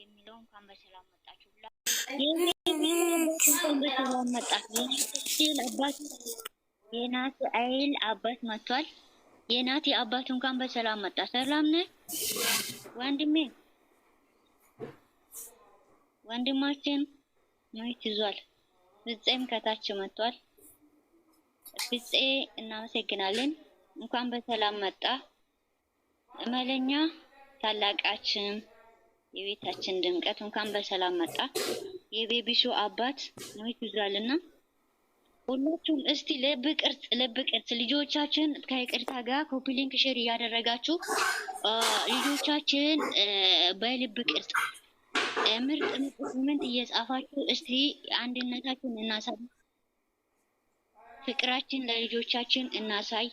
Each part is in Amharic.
የሚለው እንኳን በሰላም መጣችሁ ብላ በሰላም የናት አይል አባት መጥቷል። የናት አባት እንኳን በሰላም መጣ። ሰላም ነህ ወንድሜ? ወንድማችን ማየት ይዟል። ፍፄም ከታች መጥቷል። ፍፄ እናመሰግናለን። እንኳን በሰላም መጣ እመለኛ ታላቃችን የቤታችን ድምቀት እንኳን በሰላም መጣ። የቤቢሾ አባት ነው ይዟል ሁላችሁም እስቲ ልብ ቅርጽ ልብ ቅርጽ ልጆቻችን ከይቅርታ ጋር ኮፒ ሊንክ ሼር እያደረጋችሁ ልጆቻችን በልብ ቅርጽ ምርጥ ምርጥ ኮሜንት እየጻፋችሁ እስቲ አንድነታችን እናሳይ፣ ፍቅራችን ለልጆቻችን እናሳይ።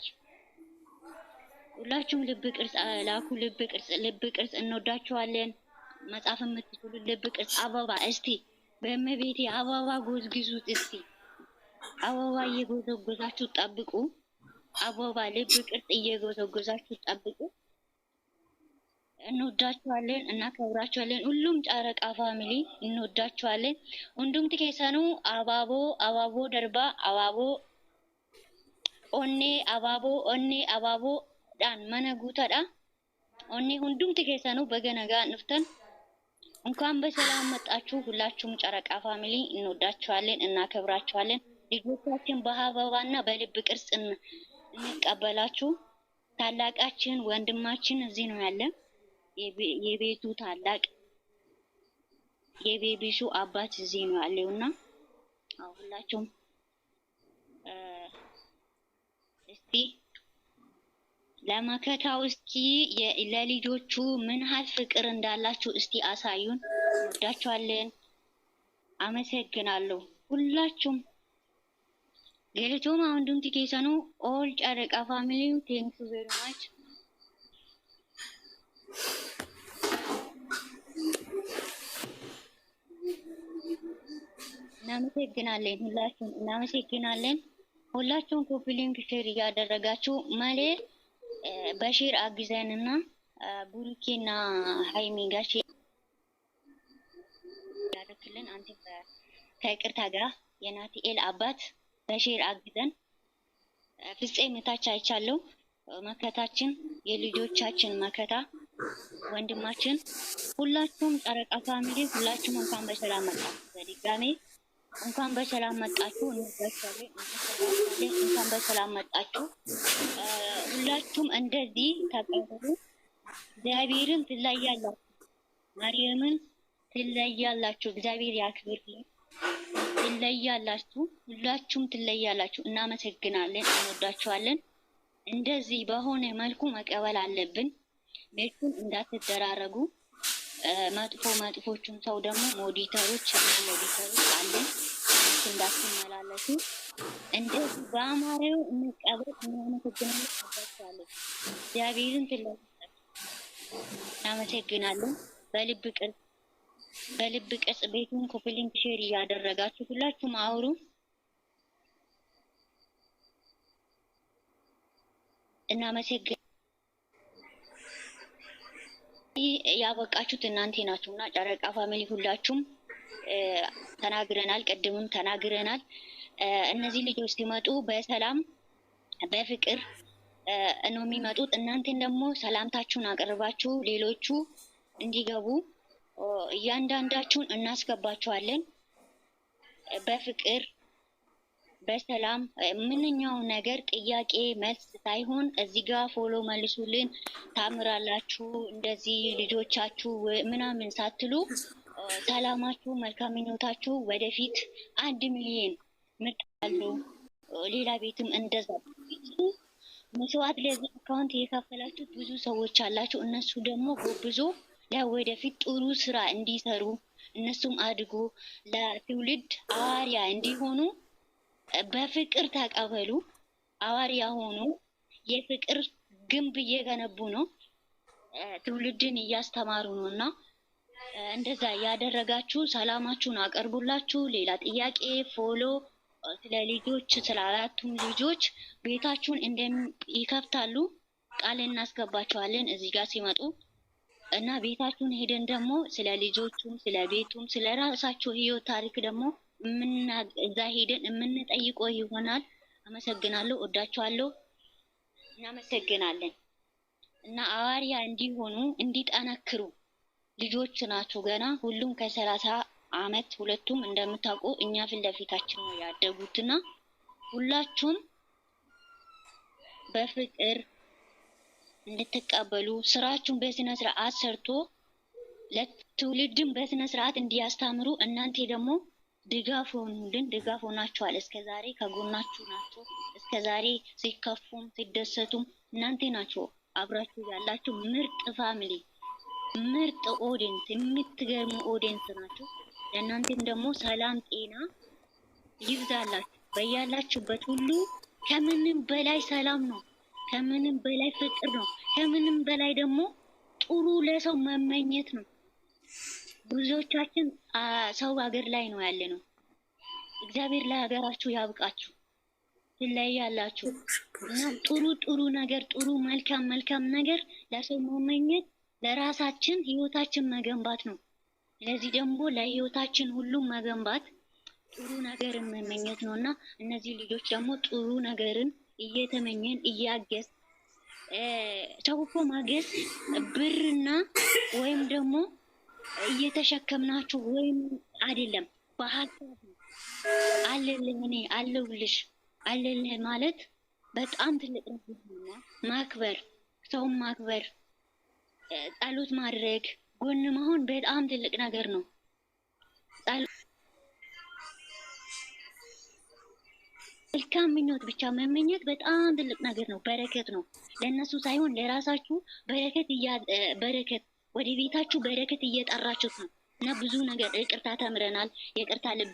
ሁላችሁም ልብ ቅርጽ ላኩ። ልብ ቅርጽ ልብ ቅርጽ እንወዳችኋለን። መጽሐፍ የምትችሉ ልብ ቅርጽ አበባ እስቲ በእመቤቴ አበባ ጎዝግዙት እስቲ አበባ እየጎዘጎዛችሁ ጠብቁ። አበባ ልብ ቅርጽ እየጎዘጎዛችሁ ጠብቁ። እንወዳችኋለን፣ እናከብራችኋለን። ሁሉም ጨረቃ ፋሚሊ እንወዳችኋለን። ሁንዱምት ኬሰኑ አባቦ አባቦ ደርባ አባቦ ኦኔ አባቦ ኦኔ አባቦ ዳን መነ ጉተዳ ኦኔ ሁንዱም ኬሰኑ በገነጋ ንፍተን እንኳን በሰላም መጣችሁ። ሁላችሁም ጨረቃ ፋሚሊ እንወዳችኋለን፣ እናከብራችኋለን። ልጆቻችን በአበባና በልብ ቅርጽ እንቀበላችሁ። ታላቃችን ወንድማችን እዚህ ነው ያለ የቤቱ ታላቅ የቤቢሱ አባት እዚህ ነው ያለው እና ሁላችሁም እስቲ ለመከታ እስኪ ለልጆቹ ምን ያህል ፍቅር እንዳላችሁ እስቲ አሳዩን። እንወዳችኋለን። አመሰግናለሁ ሁላችሁም። ገለቶም አንዱም ትኬሰኑ ኦል ጨረቃ ፋሚሊ ቴንክ ዩ ቬሪ ማች እናመሰግናለን። ሁላችሁም እናመሰግናለን። ሁላችሁም ኮፒ ሊንክ ሼር እያደረጋችሁ ማለት በሺር አግዘን እና ቡሩኬና ሀይሚ ጋሽ ያደረክልን አንተ ከይቅርታ ጋር የናትኤል አባት በሺር አግዘን ፍጼ መታች አይቻለው መከታችን የልጆቻችን መከታ ወንድማችን፣ ሁላችሁም ጨረቃ ፋሚሊ ሁላችሁም እንኳን በሰላም መጣችሁ። በድጋሜ እንኳን በሰላም መጣችሁ። እንኳን በሰላም መጣችሁ። ሁላችሁም እንደዚህ ተቀበሉ። እግዚአብሔርን ትለያላችሁ፣ ማርያምን ትለያላችሁ። እግዚአብሔር ያክብር። ትለያላችሁ፣ ሁላችሁም ትለያላችሁ። እናመሰግናለን፣ እንወዳችኋለን። እንደዚህ በሆነ መልኩ መቀበል አለብን። ቤቱን እንዳትደራረጉ መጥፎ መጥፎቹን ሰው ደግሞ ሞዲተሮች እና ሞዲተሮች አለን እንዳትመላለሱ እንደዚህ በአማሪው እንቀበት የሚሆነ ህግነት ባቸዋለን። እግዚአብሔርን ትለ እናመሰግናለን። በልብ ቅርጽ በልብ ቅርጽ ቤቱን ኮፕሊንግ ሼር እያደረጋችሁ ሁላችሁም አውሩ። እናመሰግናለን። ያበቃችሁት እናንተ ናችሁ እና ጨረቃ ፋሚሊ ሁላችሁም ተናግረናል፣ ቅድምም ተናግረናል። እነዚህ ልጆች ሲመጡ በሰላም በፍቅር ነው የሚመጡት። እናንተን ደግሞ ሰላምታችሁን አቅርባችሁ ሌሎቹ እንዲገቡ እያንዳንዳችሁን እናስገባችኋለን በፍቅር በሰላም ምንኛው ነገር ጥያቄ መልስ ሳይሆን እዚህ ጋር ፎሎ መልሱልን፣ ታምራላችሁ፣ እንደዚህ ልጆቻችሁ ምናምን ሳትሉ ሰላማችሁ፣ መልካምኞታችሁ ወደፊት አንድ ሚሊዮን ምጣሉ ሌላ ቤትም እንደዛ መስዋዕት ለዚህ አካውንት የከፈላችሁ ብዙ ሰዎች አላችሁ። እነሱ ደግሞ ጎብዞ ለወደፊት ጥሩ ስራ እንዲሰሩ እነሱም አድጎ ለትውልድ አዋሪያ እንዲሆኑ በፍቅር ተቀበሉ። አዋሪያ ሆኑ። የፍቅር ግንብ እየገነቡ ነው። ትውልድን እያስተማሩ ነው እና እንደዛ እያደረጋችሁ ሰላማችሁን አቀርቡላችሁ። ሌላ ጥያቄ ፎሎ ስለ ልጆች ስለ አራቱም ልጆች ቤታችሁን እንደም ይከፍታሉ ቃል እናስገባቸዋለን እዚህ ጋር ሲመጡ እና ቤታችሁን ሄደን ደግሞ ስለ ልጆቹም ስለ ቤቱም ስለ ራሳችሁ ህይወት ታሪክ ደግሞ እዛ ሄደን የምንጠይቀው ይሆናል። አመሰግናለሁ። ወዳችኋለሁ። እናመሰግናለን እና አዋሪያ እንዲሆኑ እንዲጠነክሩ ልጆች ናቸው ገና ሁሉም ከሰላሳ አመት ሁለቱም እንደምታውቁ እኛ ፊት ለፊታችን ነው ያደጉትና ሁላችሁም በፍቅር እንድትቀበሉ ስራችሁን በስነ ስርዓት ሰርቶ ለትውልድም በስነ ስርዓት እንዲያስተምሩ እናንተ ደግሞ ድጋፍ ሆኑልን፣ ድጋፍ ሆናችኋል። ዛሬ ከጎናችሁ ናቸው። እስከዛሬ ሲከፉም ሲደሰቱም እናንተ ናቸው አብራችሁ ያላችሁ ምርጥ ፋሚሊ፣ ምርጥ ኦዲንስ የምትገርሙ ኦዲንስ ናቸው። ለእናንተም ደግሞ ሰላም ጤና ይብዛላችሁ በያላችሁበት ሁሉ። ከምንም በላይ ሰላም ነው፣ ከምንም በላይ ፍቅር ነው፣ ከምንም በላይ ደግሞ ጥሩ ለሰው መመኘት ነው። ብዙዎቻችን ሰው ሀገር ላይ ነው ያለ ነው። እግዚአብሔር ለሀገራችሁ ያብቃችሁ። ላይ ያላችሁ እና ጥሩ ጥሩ ነገር ጥሩ መልካም መልካም ነገር ለሰው መመኘት ለራሳችን ህይወታችን መገንባት ነው። ስለዚህ ደግሞ ለህይወታችን ሁሉም መገንባት ጥሩ ነገርን መመኘት ነው እና እነዚህ ልጆች ደግሞ ጥሩ ነገርን እየተመኘን እያገዝ ሰው እኮ ማገዝ ብርና ወይም ደግሞ እየተሸከምናችሁ ወይም አይደለም በሀሳብ አለልህ፣ እኔ አለውልሽ አለልህ ማለት በጣም ትልቅ ነውና ማክበር፣ ሰውን ማክበር፣ ጸሎት ማድረግ፣ ጎን መሆን በጣም ትልቅ ነገር ነው። መልካም ምኞት ብቻ መመኘት በጣም ትልቅ ነገር ነው። በረከት ነው ለእነሱ ሳይሆን ለራሳችሁ በረከት በረከት ወደ ቤታችሁ በረከት እየጠራችሁ ነው እና ብዙ ነገር ይቅርታ ተምረናል። የቅርታ ልብ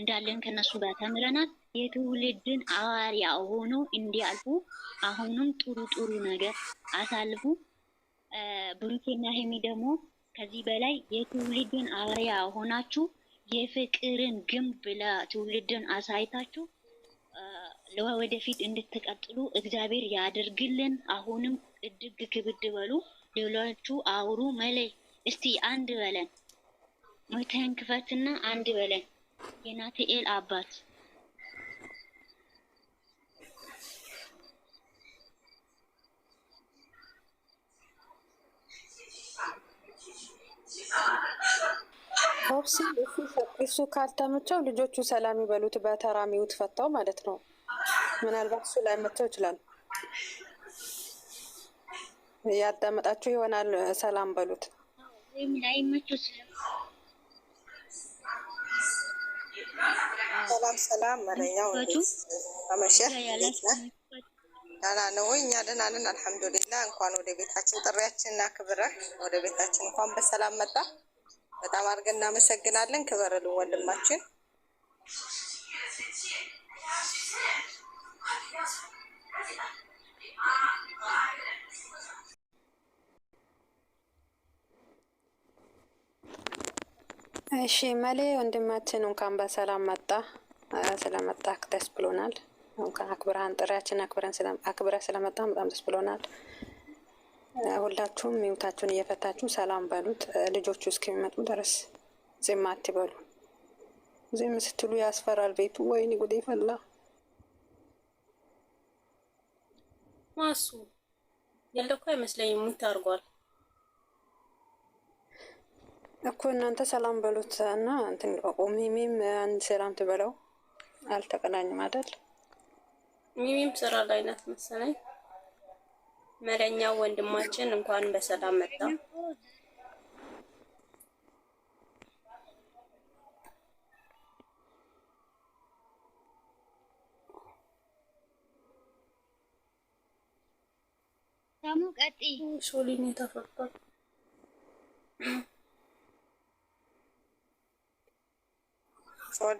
እንዳለን ከነሱ ጋር ተምረናል። የትውልድን አዋሪያ ሆኖ እንዲያልፉ አሁንም ጥሩ ጥሩ ነገር አሳልፉ። ብሩኬና ሄሚ ደግሞ ከዚህ በላይ የትውልድን አዋሪያ ሆናችሁ የፍቅርን ግንብ ለትውልድን አሳይታችሁ ለወደፊት እንድትቀጥሉ እግዚአብሔር ያደርግልን። አሁንም እድግ ክብድ በሉ። ሌሎቹ አውሩ መለይ እስቲ አንድ በለን ሞተን ክፈትና አንድ በለን የናትኤል አባት ኦፕሲ እሱ ካልተመቸው ልጆቹ ሰላም ይበሉት። በተራ ሚውት ፈታው ማለት ነው። ምናልባት እሱ ላይ መቸው ይችላል። ያዳመጣችሁ ይሆናል። ሰላም በሉት። ሰላም ሰላም። መለኛው አመሸህ። ደህና ነው ወይ? እኛ ደህና ነን አልሐምዱሊላህ። እንኳን ወደ ቤታችን ጥሪያችንን አክብረህ ወደ ቤታችን እንኳን በሰላም መጣ። በጣም አድርገን እናመሰግናለን። ክበረልን ወንድማችን። እሺ መሌ ወንድማችን እንኳን በሰላም መጣ። ስለመጣ ደስ ብሎናል። እንኳን አክብረሃን ጥሪያችን አክብረ ስለመጣ በጣም ደስ ብሎናል። ሁላችሁም ሚውታችሁን እየፈታችሁ ሰላም በሉት። ልጆቹ እስከሚመጡ ድረስ ዝም አትበሉ። ዝም ስትሉ ያስፈራል ቤቱ። ወይኔ ጉዴ ፈላ። ማሱ ያለ አይመስለኝም። ሙት እኮ እናንተ ሰላም በሉት እና እንትን ሚሚም አንድ ሰላም ትበለው። አልተቀናኝም አይደል? ሚሚም ስራ ላይ ናት መሰለኝ። መረኛው ወንድማችን እንኳን በሰላም መጣ። ሳሙ ቀጥይ ሾሊን fun.